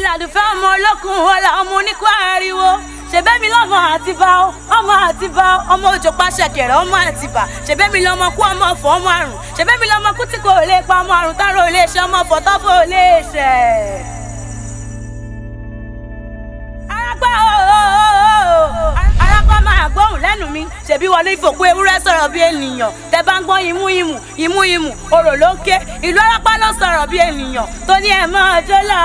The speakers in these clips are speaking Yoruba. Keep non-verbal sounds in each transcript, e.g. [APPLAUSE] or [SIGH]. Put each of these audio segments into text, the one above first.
èmi làdùfẹ́ ọmọ olókùn ọ̀la ọmọ oníkó ariwo ṣèbẹ́mi lọ́mọ àtibá ọmọ àtibá ọmọ òjò paṣẹ kẹrẹ ọmọ àtibá ṣèbẹ́mi lọ́mọ kú ọmọ ọ̀fọ̀ ọmọ àrùn ṣèbẹ́mi lọ́mọ kú tí kò lè pa ọmọ àrùn táró lè ṣe ọmọ ọ̀fọ̀ tọ́fọ̀ lè ṣe. arápá ooo arápá máa gbóhùn lẹ́nu mi ṣèbí wọlé ìfòkú ewúrẹ́ sọ̀rọ̀ bí ènìyàn tẹ́ bá ń gbọ́ imú imú imú imú orò ló ń ké ìlú arápá ló sọ̀rọ̀ bí ènìyàn tó ní ẹ̀ máa jó lọ.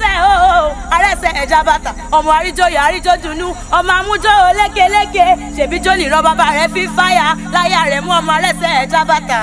arẹsẹ ooo arẹsẹ ẹja bàtà ọmọ àríjọyọ àríjọdùnú ọmọ amújọ lékeleke ṣèbíjọ nìrọ bàbá rẹ fi fáyà láyà rẹ mú ọmọ arẹsẹ ẹja bàtà.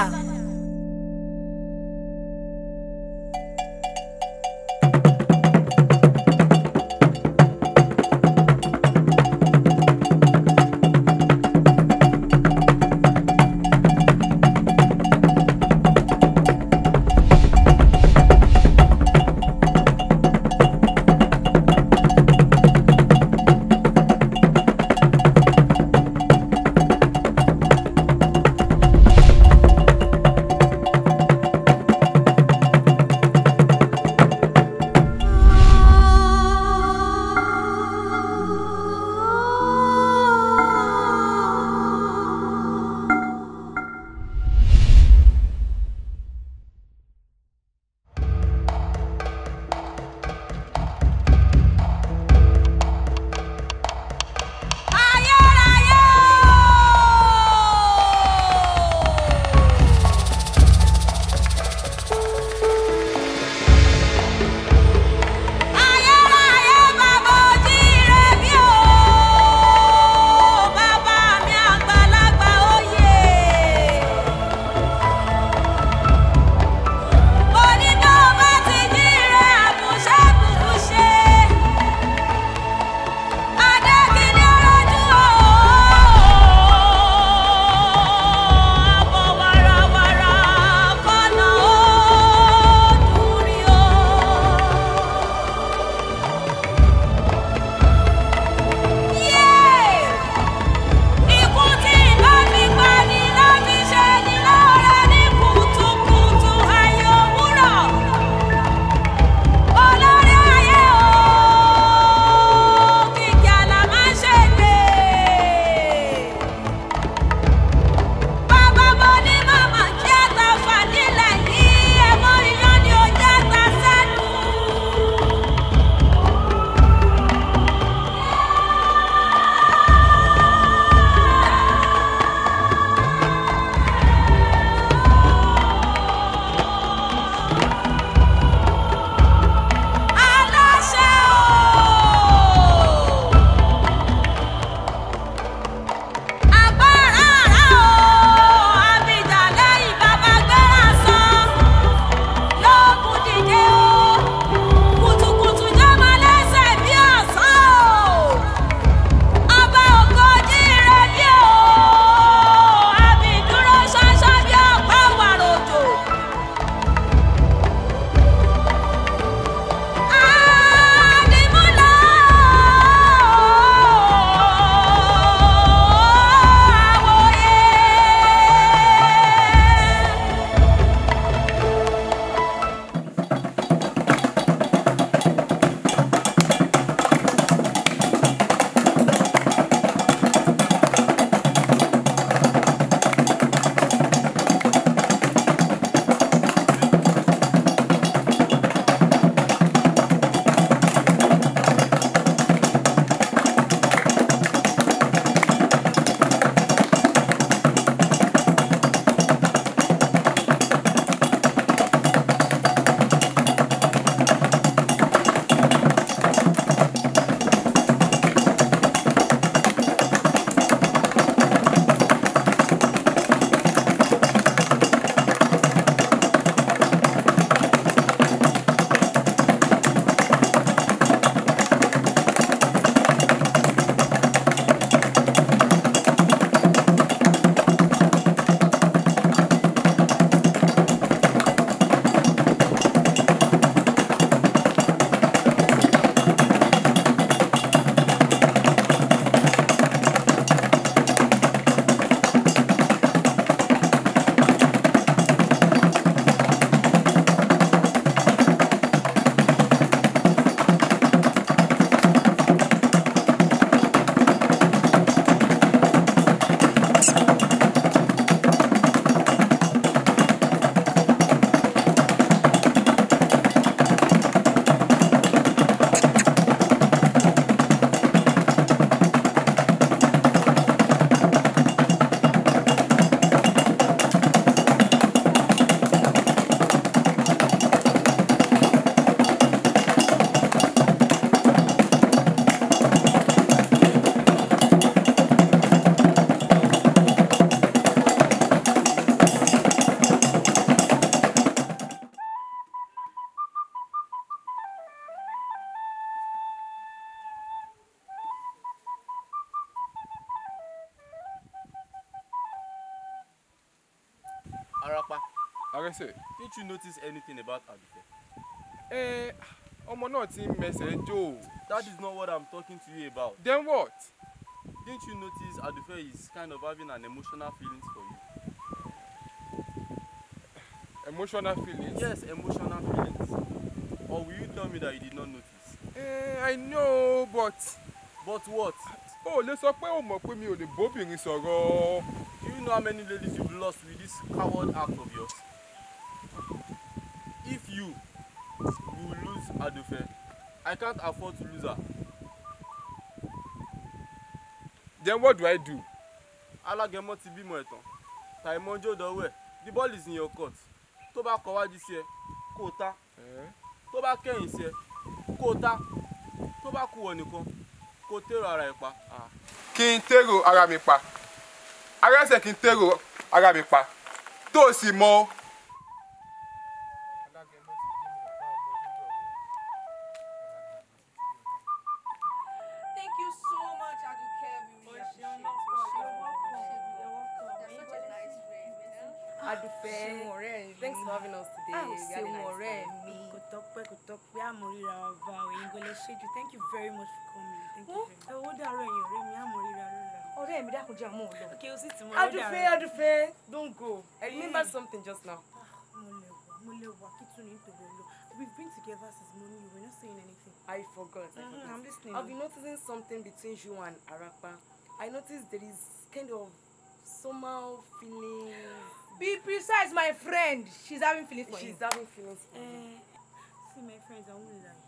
Apapa. Arese. Didn't you notice anything about Aduke? Eh, ọmọ náà ti ń mẹsẹ̀ That is not what I'm talking to you about. Then what? Didn't you notice Adufe is kind of having an emotional feelings for you? Emotional feelings? Yes, emotional feelings. Or will you tell me that you did not notice? Eh, I know, but... But what? Oh, let's talk about my mọ̀ the Bobby ò Do you know how many ladies you've lost with? coward act of yours if you you lose adufe i can't afford to lose her then what do i do alágẹmọ ti bímọ ẹtàn tàìmọjọ dọwọ ẹ the ball is in your court tó bá kọ wájú sí ẹ kó o ta tó bá kẹ̀yìn sí ẹ kó o ta tó bá kú ọ nìkan kó o tèrò ara ẹ pa. Ah. kí n tèrò ara mi pa arẹsẹ kí n tèrò ara mi pa tó sì kọjá mọ́ ọ lọ. okay o sì ti mọ ọdọ adufe adufe don't go i mm. remember something just now. Ah, mo lè we've been together since morning you were not saying anything. i forgot i mm-hmm, forgot i'm listening. i've been noticing something between you and Arapa i noticed there is kind of somehow feeling. be precise my friend she's having feelings for she's you. she's having feelings for uh, see my friends i won't lie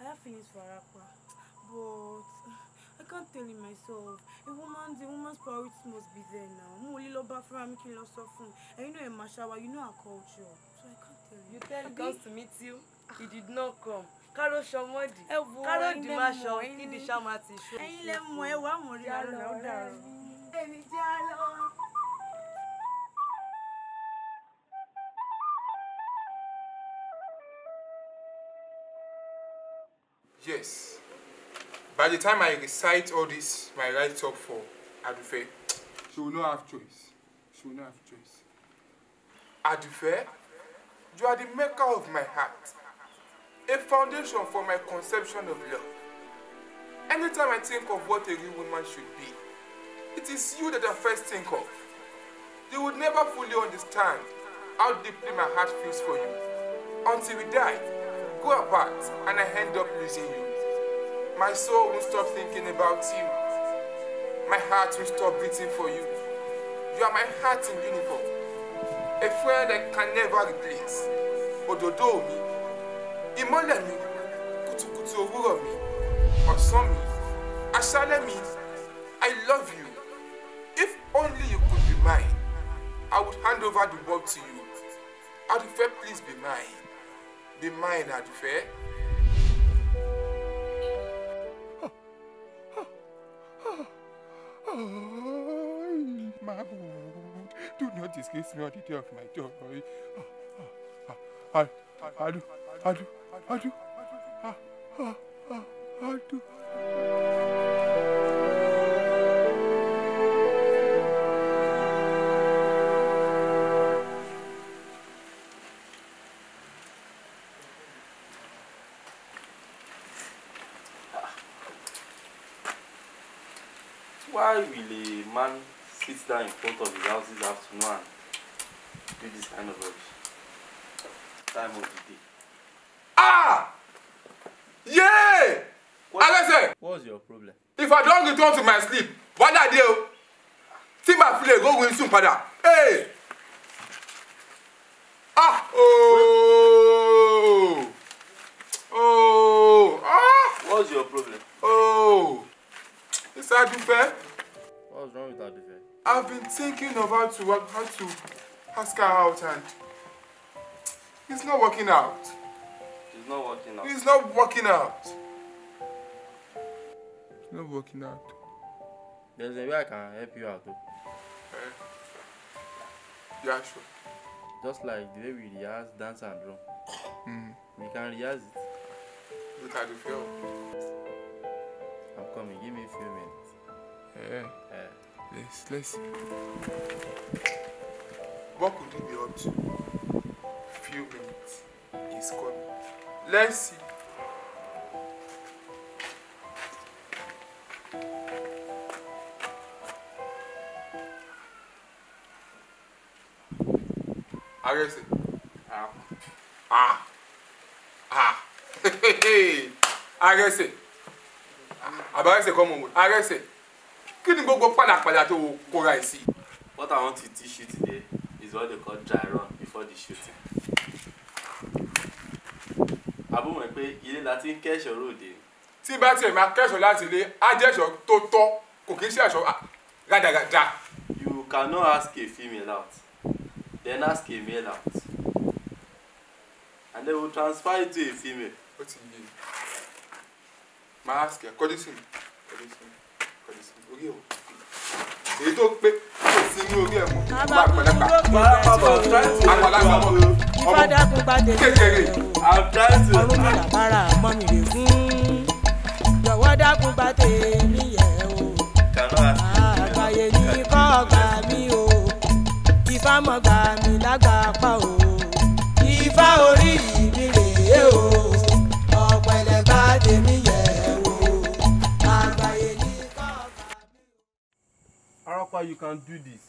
i have feelings for Arapa but. I can't tell him myself. A woman's a woman's priority must be there now. Mo lè lọ bá fúnra mi kí n lọ sọ And you know Emma Shawa, you know our culture. So I can't tell him. You tell Abi... girls to meet you, he did not come. Karo Shomodi. Karo Dimasho, Kidi Shamati. Ẹ̀yin lẹ mọ̀ ẹ wá mọ̀ rí àrùn náà dàrú. Èmi jẹ́ àlọ́. Yes. By the time I recite all this, my write up for Adufe, she will not have choice. She will not have choice. Adufe, you are the maker of my heart, a foundation for my conception of love. Anytime I think of what a real woman should be, it is you that I first think of. You would never fully understand how deeply my heart feels for you until we die, go apart, and I end up losing you. My soul won't stop thinking about you. My heart will stop beating for you. You are my heart in uniform. A friend I can never replace. Òdòdó mi, imole mi, kùtùkùtù òwúrọ̀ mi, ọ̀sán mi, aṣálẹ̀ mi, I love you. If only you could be mine, I would hand over the world to you. Adufe, please be mine. Be mine, Adufe. want to kiss me on the day of my job. I, I, I do, I do, I do, I do, I do. I do. down in front of his houses have to and do this kind of rubbish. Time of the day. Ah! Yeah! What, was your problem? If I don't return to my sleep, what are they? Tí màá fi go win soon padà. Hey! thinking of how to work, how to ask her out and it's not working out. It's not working out. It's not working out. It's not working out. There's a way I can help you out though. Eh? Yeah, sure. Just like the way we rehearse dance and drum. Mm. We can rehearse it. Look how you feel. I'm coming, give me a few minutes. Yeah. yeah. Yes, let's see. What could it be up to? Few minutes. He's coming. Let's see. Arrested. Ah. Ah. Ah. [LAUGHS] Hey, hey, hey. Arrested. Come on, mọ̀ wò. Arrested kí ni gbogbo pàdàpàdà tó kóra ẹ̀ sí. what i want to teach you today is what they call dry run before the shooting. àbúrò pé ilé la ti ń kẹ́sọ̀ ròde. tí bá tiẹ̀ máa kẹ́sọ̀ láti ilé á jẹ́ ẹ̀ṣọ́ tó tọ́ kò kí ń ṣe ẹ̀ṣọ́ rádaràda. you cannot ask a female out then ask a male out and then we transfer it to a female. ó ti yé màá ask according to orí o èyí tó pé kò sí ní orí ẹ̀ mú àpàlàpà ọmọ kékeré ọmọ how you can do this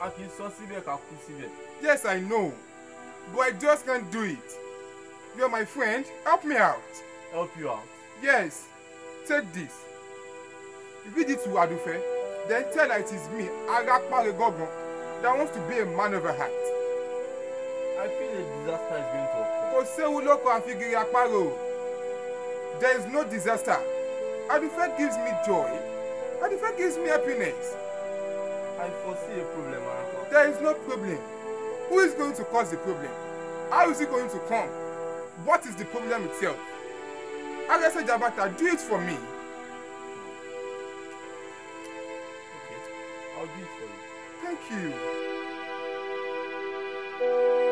a kì í sọ síbẹ̀ ká kú síbẹ̀. yes i know but i just can't do it you are my friend help me out. help you out. yes take this read it to adufe then tell her it is me arapare gogan that wants to be a man of her heart. i feel a disaster is going to occur. kò séwu lóko àfigiri àparò there is no disaster adufe gives me joy adufe gives me happiness. I foresee a problem, Arapa. There is no problem. Who is going to cause the problem? How is it going to come? What is the problem itself? Arese Jabata, do it for me. Okay, I'll do it for you. Thank you.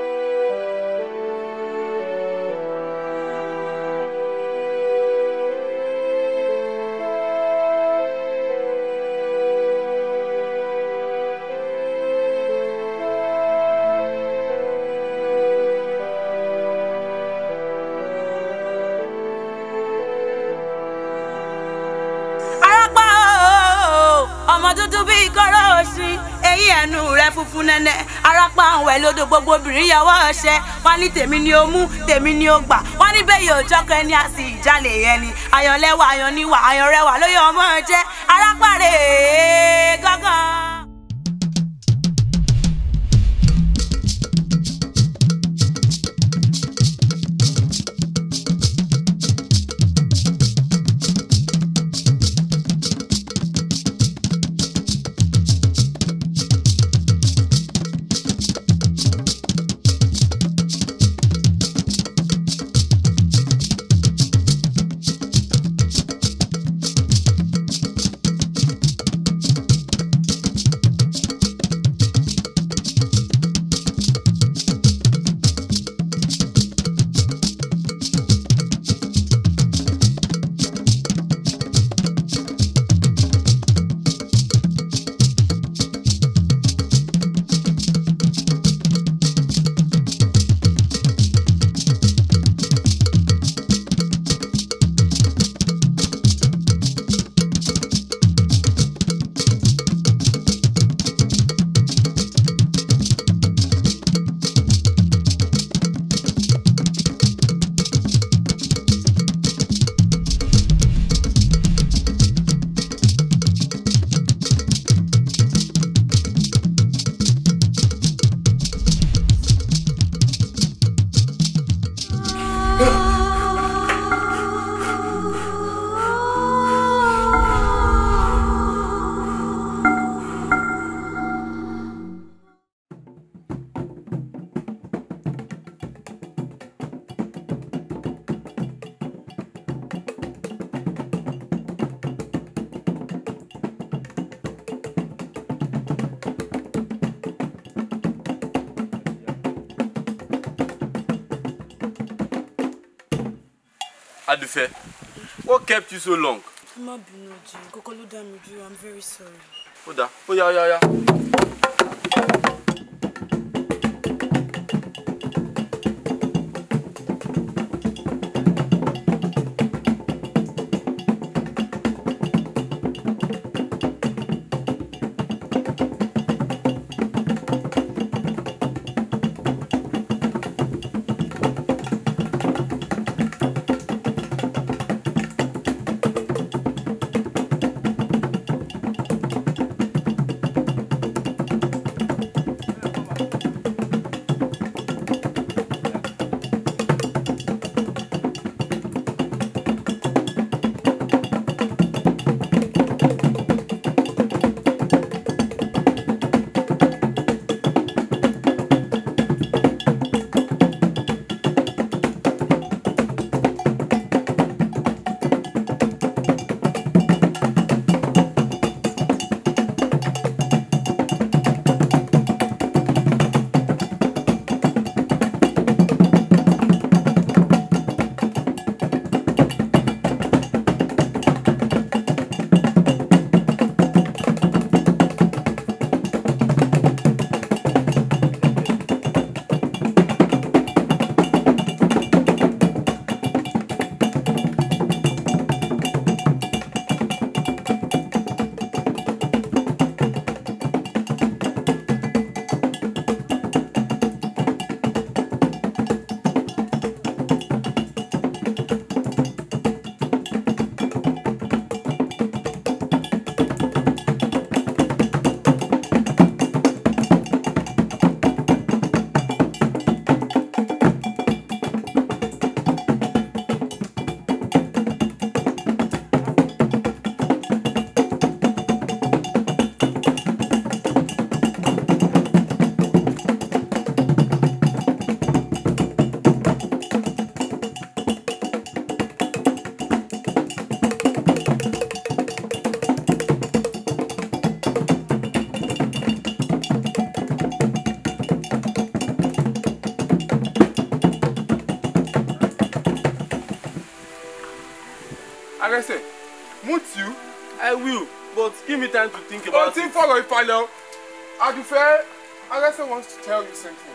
funfun nẹ́nẹ́ arápá àwọn ẹlòdò e gbogbo obìnrin yẹwọ́ ọ̀ṣẹ́ wọ́n ní tèmi ni ó mú tèmi ni ó gbà wọ́n ní bẹ́ẹ̀ yóò jọ́kọ ẹni àti ìjàlè ẹni àyànlẹ́wà àyànníwà àyànrẹwà lóye ọmọ jẹ́ arápá rèé. Adufe, what kept you so long? I'm very sorry. Ó dáa, ó yeah, ó yá, Arese, won't you? I will, but give me time to think about Don't it. Don't think for if I know. Adufe, Arese wants to tell you something.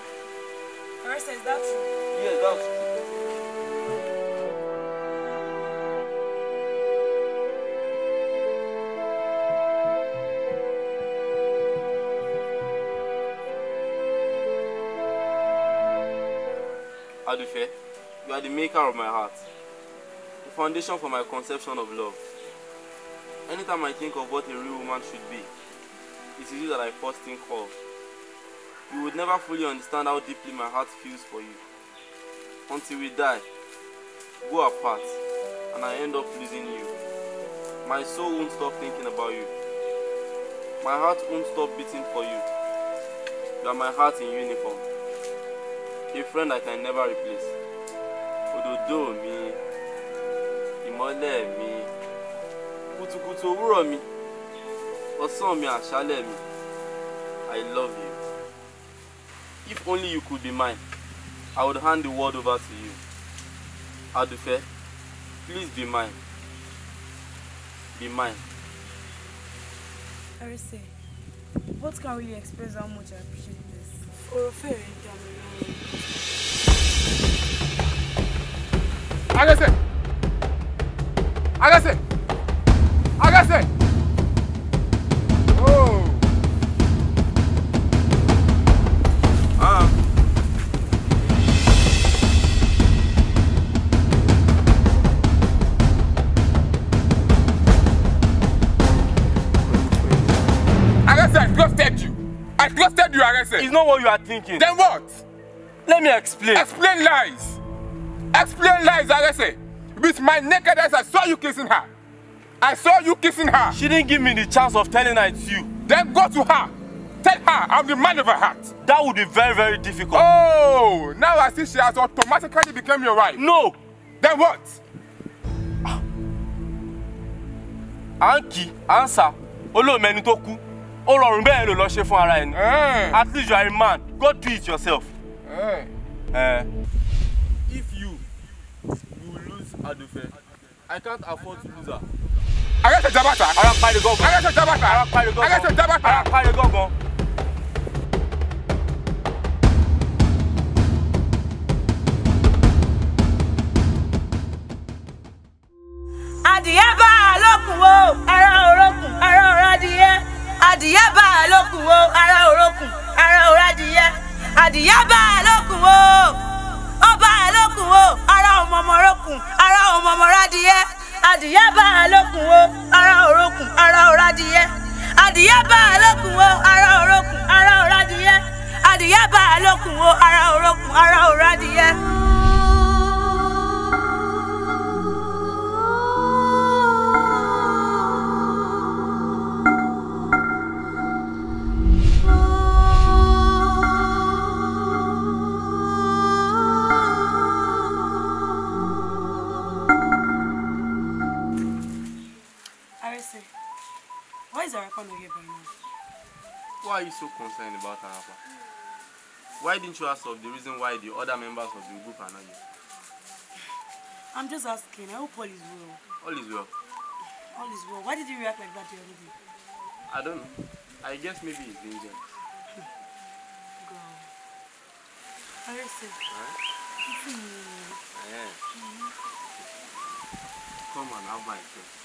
Arese, is that true? Yes, that's true. Adufe, you are the maker of my heart foundation for my conception of love. Anytime I think of what a real woman should be, it is you that I first think of. You would never fully understand how deeply my heart feels for you. Until we die, go apart, and I end up losing you. My soul won't stop thinking about you. My heart won't stop beating for you. You are my heart in uniform. A friend I can never replace. Ododo me ìmọ́lẹ̀ mi kùtùkùtù òwúrọ̀ mi ọ̀sán mi àṣálẹ̀ mi I love you if only you could be mine I would hand the world over to you Adufe please be mine be mine. Arise, what can really express how much I appreciate this? Orofe Arise! Arrêtez Arrêtez Oh Ah Arrêtez, I trusted you. I trusted you, Arrêtez. It's not what you are thinking. Then what? Let me explain. Explain lies. Explain lies, Arrêtez. With my naked eyes, I saw you kissing her. I saw you kissing her. She didn't give me the chance of telling her it's you. Then go to her. Tell her I'm the man of her heart. That would be very, very difficult. Oh, now I see she has automatically become your wife. No. Then what? Ah. Anki, answer. Olóòmọ ẹni tó kú. Ó rọrùn bẹ́ẹ̀ ló eh. At least you are a man. Go do it yourself. Hey. Uh. Eh. Adufe. I can't afford to lose her. I Arẹ́sẹ̀ Jabata. Ara parí gángan. Arẹ́sẹ̀ Jabata. I got gángan. Arẹ́sẹ̀ Jabata. Ara parí gángan. Adìyẹ bá a lókun wo, ara òrókun, ara òrádìyẹ. Adìyẹ bá a lókun wo, ara òrókun, ara òrádìyẹ. Adìyẹ bá a lókun wo, ó bá a lókun wo, ara adìyẹ bá a lókun o ara òrokùn ara òrò adìyẹ adìyẹ bá a lókun o ara òrokùn ara òrò adìyẹ adìyẹ bá a lókun o ara òrokùn ara òrò adìyẹ. why are you so concerned about Arapa? Why didn't you ask of the reason why the other members of the group are not here? I'm just asking. I hope all is well. All is well. All is well. Why did you react like that the other day? I don't know. I guess maybe it's danger. Girl. Are you sick? Huh? I am. Mm -hmm. Come on, have my friend.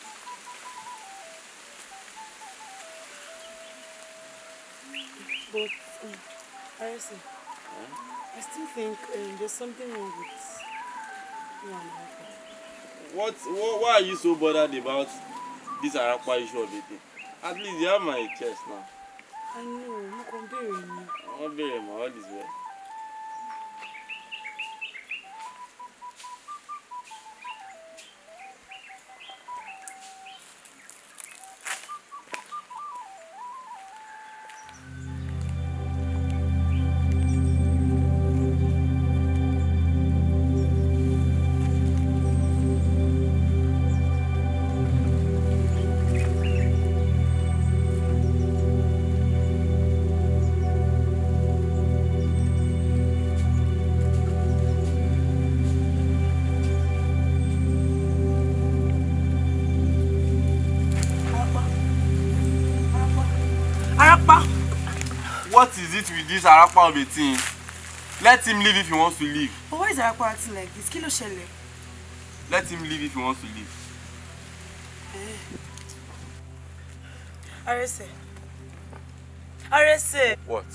But, um, see. huh? I still think um, there's something wrong with you and Arapa. What, what, why are you so bothered about this Arapa issue of dating? At least you have my chest now. I know, mo kàn béèrè ni. Wọ́n béèrè mọ́ all this way. What is it with this Arapa of a thing? Let him leave if he wants to leave. But why is Arapa acting like this? Kilo ló Let him leave if he wants to leave. Eh. Arese. Arese. What?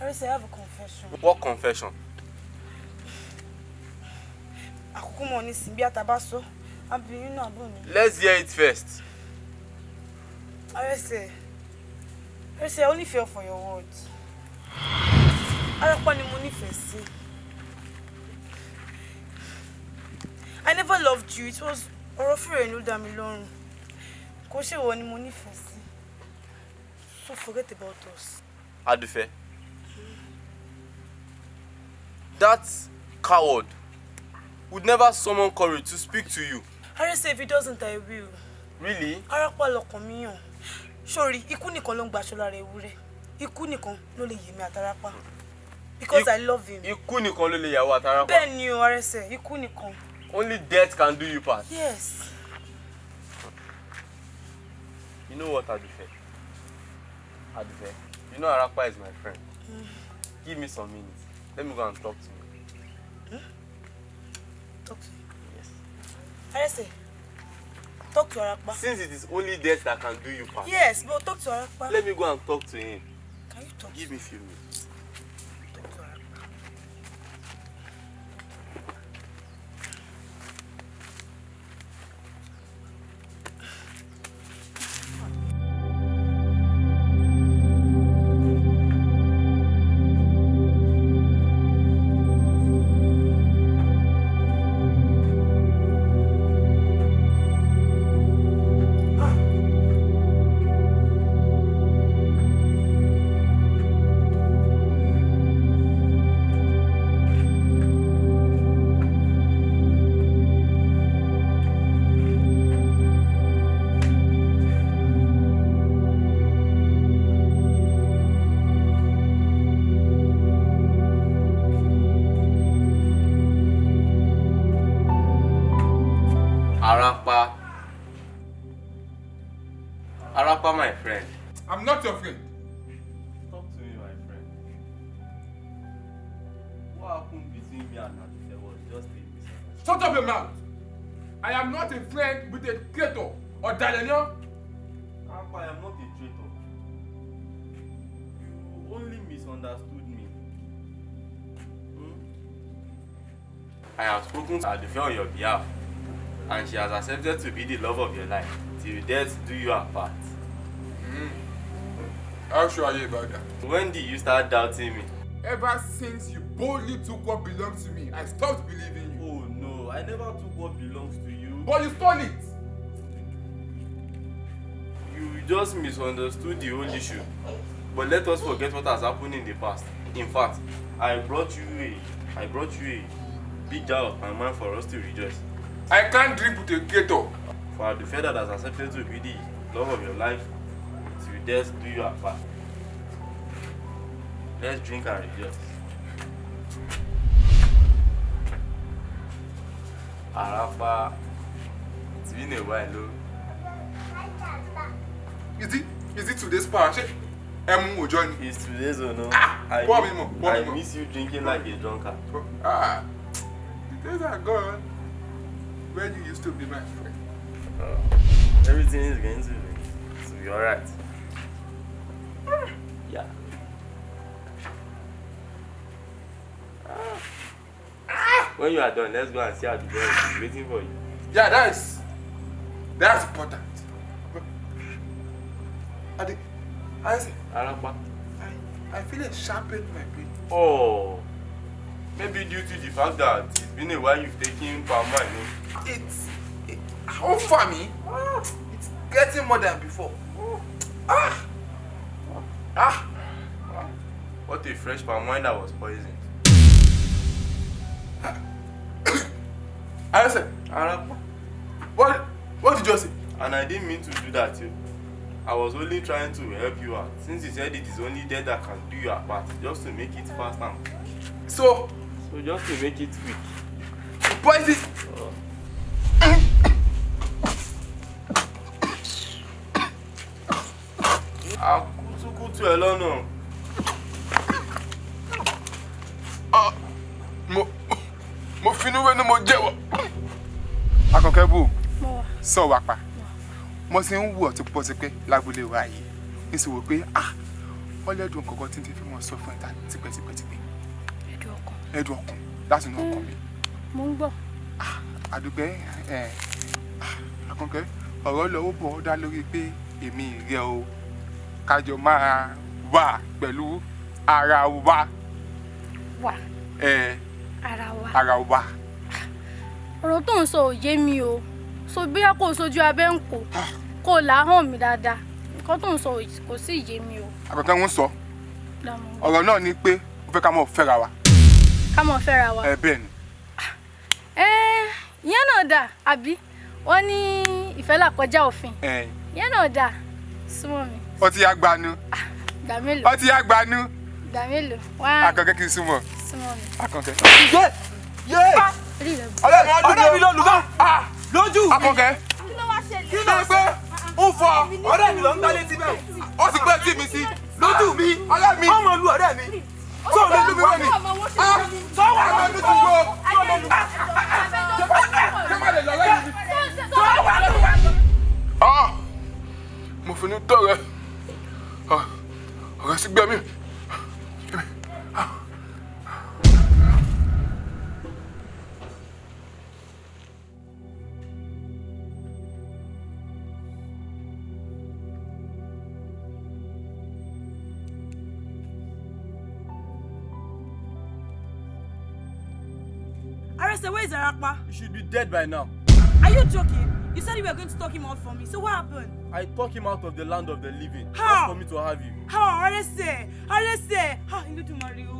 Arese, I have a confession. What confession? Àkókò mọ̀ ní sin bí atabaso. Abirin náà bo mi. Let's hear it first. Arese. Arese, I only fell for your words. Arapa ni mo nífẹ̀ẹ́ sí. I never loved you. It was ọ̀rọ̀ fìrẹ̀ ló dá mi lọ́rùn. Kò ṣe ni mo nífẹ̀ẹ́ sí. So forget about us. Adufe. Mm. That coward would never summon courage to speak to you. Harry say if he doesn't, I will. Really? Arapa lọkàn mi yàn. Sori, ikú nìkan ló ń gbaṣọ lára ewúrẹ́ ikú nìkan ló lè yèmí àtàràpá because I, I love him. ikú nìkan ló lè yàwó àtàràpá. bẹ́ẹ̀ ni o arẹsẹ̀ ikú nìkan. only death can do you part. yes. you know what Adufe Adufe you know Arapa is my friend mm. give me some minutes let me go and talk to you. Hmm? talk to you. yes. arẹsẹ̀. Talk to Arapa. Since it is only death that can do you part. Yes, but talk to Arapa. Let me go and talk to him. Give me a few minutes. ọ̀dàlẹ̀ ni ọ́. I am not a traitor. You only misunderstood me. Hmm? I have spoken to Adufe on your behalf and she has accepted to be the love of your life till death do you apart. Mm. How sure are you about that? When did you start doubting me? Ever since you boldly took what belongs to me, I stopped believing you. Oh no, I never took what belongs to you. But you stole it! You just misunderstood the whole issue. But let us forget what has happened in the past. In fact, I brought you a, I brought you a big jar of my mind for us to rejoice. I can't drink with a gator. For the feather that has accepted to be the love of your life, till death do you apart. Let's drink and rejoice. Arapa, it's been a while, though is it is it today's power ṣe ẹmu join. ni. it's today's o no. ah pọ́ mi mọ̀ pọ́ mi mọ̀. i miss you drinking like a drunkard. ah the days are gone when you used to be my friend. Uh, everything is going to be to be alright. yeah. When you are done, let's go and see how the girl is waiting for you. Yeah, that's that's important. Adi, did, I said, Arapa. I, I feel it sharpened my brain. Oh, maybe due to the fact that it's been a while you've taken palm wine. It's, it, how far me? Ah. It's getting more than before. Oh. Ah. ah, ah. What a fresh palm wine that was poisoned. I [COUGHS] said, Arapa. What, what did you say? And I didn't mean to do that, too. I was only trying to help you out since you said it is only death that can do your part just to make it fast and quick. So? So just to make it quick. Why is Oh. Ah, Akutukutu ẹ ah, Mo mo finú wẹ́nu mo jẹ́wọ́. Akọ̀kẹ́ bù, So wà pa mo ṣe ń wù ọ́ tipẹ́tipẹ́ lábúlé wa yìí n sì wò pé ah wọ́n lẹ́dùn kankan tí n ti fi mọ̀ sọ fún ẹ̀ta tipẹ́tipẹ́tipẹ́. ẹ̀dùn ọkàn. ẹ̀dùn ọkàn láti inú ọkàn mm, mi. mo ń gbọ́. Ah, àdùgbẹ́ ah, àkànkẹ́ ọ̀rọ̀ lọ́wọ́ bọ̀ ọ́ dá lórí pé èmi rẹ o kájọ máa wà pẹ̀lú ara wa. wà. ẹ ara wa. ara wa. Ah, ọ̀rọ̀ tó ń sọ ò yé mi o so bí a kò sojú abẹ́ ń kó kó o là á hàn mí dáadáa nǹkan tó ń sọ kò sí ìyé mi o. àkọ́kọ́ ń sọ ọ̀rọ̀ náà ni pé ó fẹ́ ká mọ̀ fẹ́ra wa. ká mọ̀ fẹ́ra wa. ẹ bẹ́ẹ̀ ni. ẹ ìyẹn náà dà àbí wọ́n ní ìfẹ́ làkọjá òfin ìyẹn náà dà súnmọ́ mi. ó ti yá gbanú. Ah, gbà mélòó. ó ti yá gbanú. gbà mélòó. àkànkẹ́ kì í súnmọ́. súnmọ́ mi. àkànkẹ́. yé yé ah, ọlọ́run ọdún ah, lójú. àkànkẹ́ kí ló wá ṣẹlẹ̀. kí ló gbé ó fọ ọ̀rẹ́ mi lọ ń gbálé síbẹ̀ ó sì gbé tí mi sí lójú mi ọ̀rẹ́ mi ọmọ lu ọ̀rẹ́ mi tó lè lu mi lónìí tó wà lójú mi gbó tó lè lu mi tó má lọ lẹ́yìn mi tó wà lójú mi. mo fi ní tọrẹ ọ̀rẹ́ sí gbẹmí. Arapa? You should be dead by now. Are you joking? You said you were going to talk him out for me, so what happened? I talk him out of the land of the living. How? Just for me to have you. How? Arese! Arese! Ha! Iludumari o.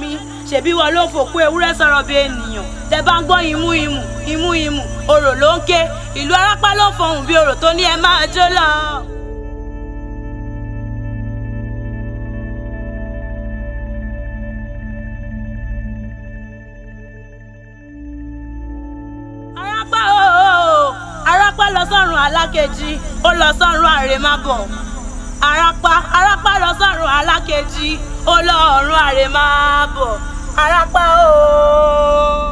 mi ṣèbí wọn ló fòkú ewúrẹ́ sọ̀rọ̀ bí ènìyàn tẹ bá ń gbọ́ imú imú imú imú orò ló ń ké ìlú arápá ló fọhùn bí orò tó ní ẹ máa jó lọ. arápá ooo arápá lọ sọ́run alákejì ó lọ sọ́run àrèmábọ̀ arápá arápá lọ sọ́run alákejì ọlọ́run àrè máa bọ̀ arápá o.